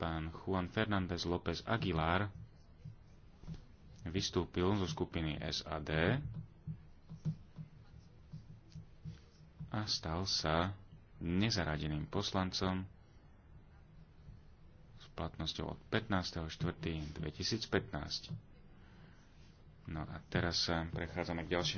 pán Juan Fernández López Aguilar vystúpil zo skupiny SAD a stal sa nezaradeným poslancom s platnosťou od 15.4.2015. No a teraz sa prechádzame k ďalším